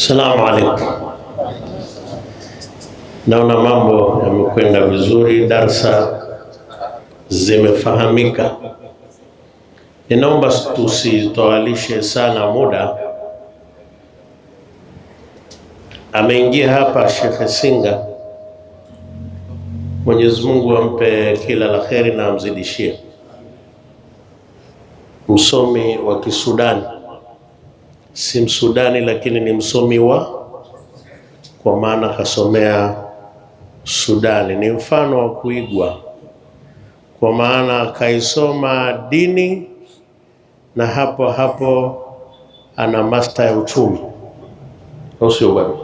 Salamu alaikum. Naona mambo yamekwenda vizuri, darsa zimefahamika. Ninaomba tusitawalishe sana muda. Ameingia hapa Shekhe Singa, Mwenyezi Mungu ampe kila la kheri na amzidishie, msomi wa Kisudani si Msudani lakini ni msomi wa kwa maana kasomea Sudani, ni mfano wa kuigwa kwa maana akaisoma dini na hapo hapo ana master ya uchumi, au sio bwana?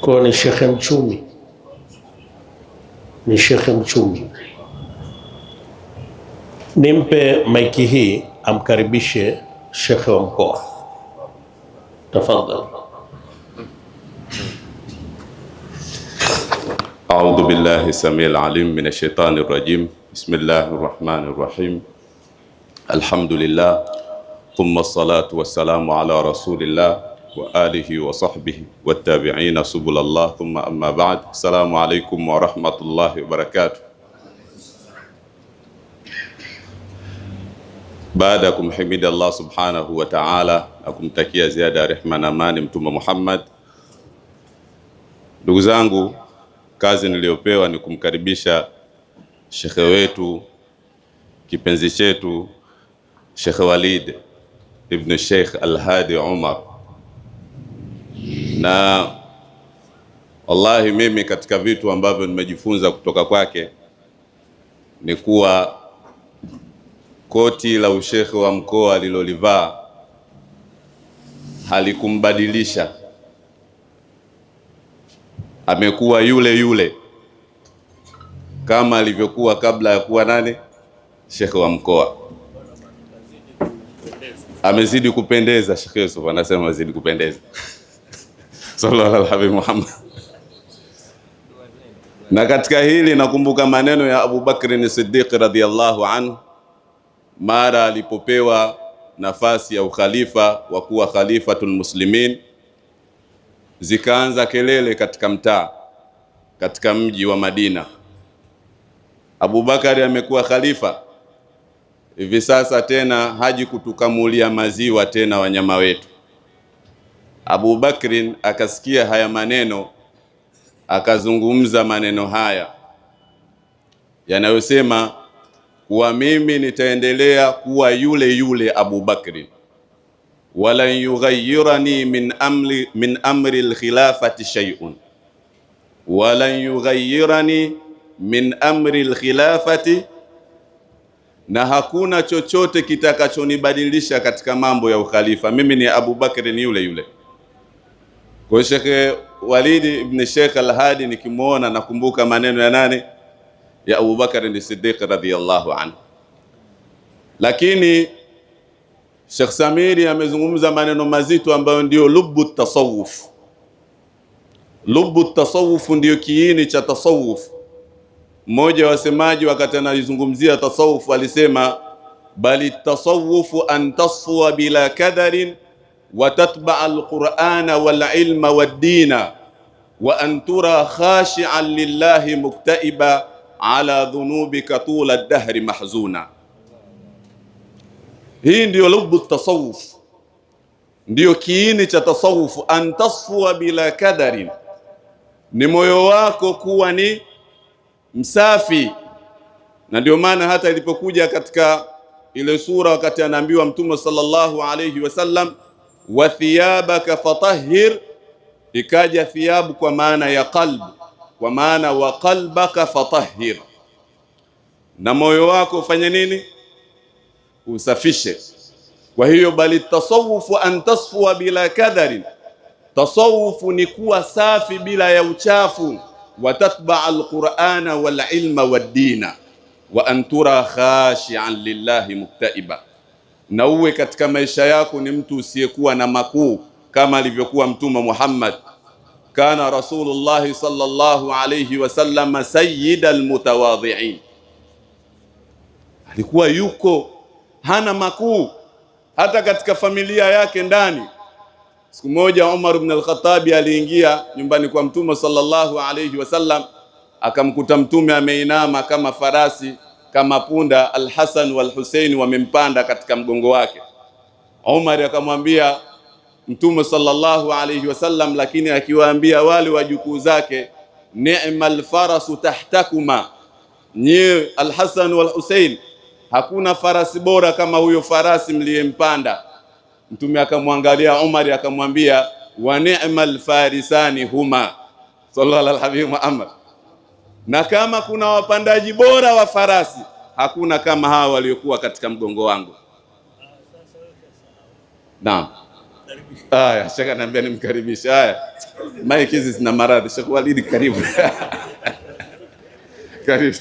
Kwa ni shekhe mchumi, ni shekhe mchumi. Nimpe maiki hii amkaribishe ونكوح تفضل أعوذ بالله السميع العليم من الشيطان الرجيم بسم الله الرحمن الرحيم الحمد لله ثم الصلاة والسلام على رسول الله وآله وصحبه والتابعين سبل الله ثم أما بعد السلام عليكم ورحمة الله وبركاته Baada ya kumhimidi Allah subhanahu wa ta'ala na kumtakia ziada ya rehma na amani Mtume Muhammad, ndugu zangu, kazi niliyopewa ni kumkaribisha shekhe wetu kipenzi chetu Shekhe Walid ibn Sheikh Al-Hadi Umar, na wallahi mimi katika vitu ambavyo nimejifunza kutoka kwake ni kuwa koti la ushehe wa mkoa alilolivaa halikumbadilisha, amekuwa yule yule kama alivyokuwa kabla ya kuwa nani, shekhe wa mkoa. Amezidi kupendeza, Shekhe Yusuf anasema amezidi kupendeza sallallahu alaihi Muhammad. Na katika hili nakumbuka maneno ya Abu Bakr Siddiq radhiyallahu anhu mara alipopewa nafasi ya ukhalifa wa kuwa khalifatul muslimin, zikaanza kelele katika mtaa, katika mji wa Madina. Abubakari amekuwa khalifa, hivi sasa tena haji kutukamulia maziwa tena wanyama wetu. Abubakrin akasikia haya maneno, akazungumza maneno haya yanayosema kuwa mimi nitaendelea kuwa yule yule Abu Bakri, walan yughayyirani min amri, min amri alkhilafati shay'un, walan yughayyirani min amri alkhilafati, na hakuna chochote kitakachonibadilisha katika mambo ya ukhalifa. Mimi ni Abu Bakri, ni yule yule. Kwa Shekhe Walidi ibn Sheikh Al-Hadi, nikimwona nakumbuka maneno ya nani ya Abu ni Siddiq radhiyallahu anhu. Lakini Sheikh Samiri amezungumza maneno mazito ambayo ndiyo lubu tasawuf. Lubu tasawuf ndiyo kiini cha tasawuf. Mmoja wa wasemaji wakati anaizungumzia tasawuf alisema, bali tasawufu an tasfuwa bila kadharin wa tatbaa alqurana walilma waddina wa an tura khashian lillahi muktaiba ala dhunubika tula dahri mahzuna. Hii ndiyo lubu tasawuf, ndiyo kiini cha tasawufu. An tasfua bila kadarin, ni moyo wako kuwa ni msafi. Na ndio maana hata ilipokuja katika ile sura wakati anaambiwa Mtume sallallahu alayhi wasallam, wa thiyabaka fatahhir, ikaja thiabu kwa maana ya qalbu kwa maana wa qalbaka fatahhir, na moyo wako ufanye nini? Usafishe. Kwa hiyo bali tasawufu an tasfuwa bila kadharin, tasawufu ni kuwa safi bila ya uchafu. Wa Watatbaa alqurana walilma dina wa antura khashian lillahi muktaiba, na uwe katika maisha yako ni mtu usiyekuwa na makuu kama alivyokuwa Mtume Muhammad kana rasulullahi sallallahu alayhi wasallam sayyidal mutawadhi'in, alikuwa yuko hana makuu hata katika familia yake ndani. Siku moja Umar ibn al-Khattab aliingia nyumbani kwa Mtume sallallahu alayhi wasallam, akamkuta Mtume ameinama kama farasi kama punda, al-Hasan wal husayn wamempanda katika mgongo wake. Umar akamwambia Mtume sallallahu alayhi wasallam, lakini akiwaambia wale wajukuu zake, ni'mal farasu tahtakuma, nyie Alhasan wal hakuna farasi bora kama huyo farasi mliyempanda. Mtume akamwangalia Umar akamwambia, wa ni'mal farisani huma, sallallahu alhabibi Muhammad. Na kama kuna wapandaji bora wa farasi hakuna kama hawa waliokuwa katika mgongo wangu. Naam. Haya, shaka naambia nimkaribishe. Haya, mike hizi zina maradhi. Shaka Walidi, karibu karibu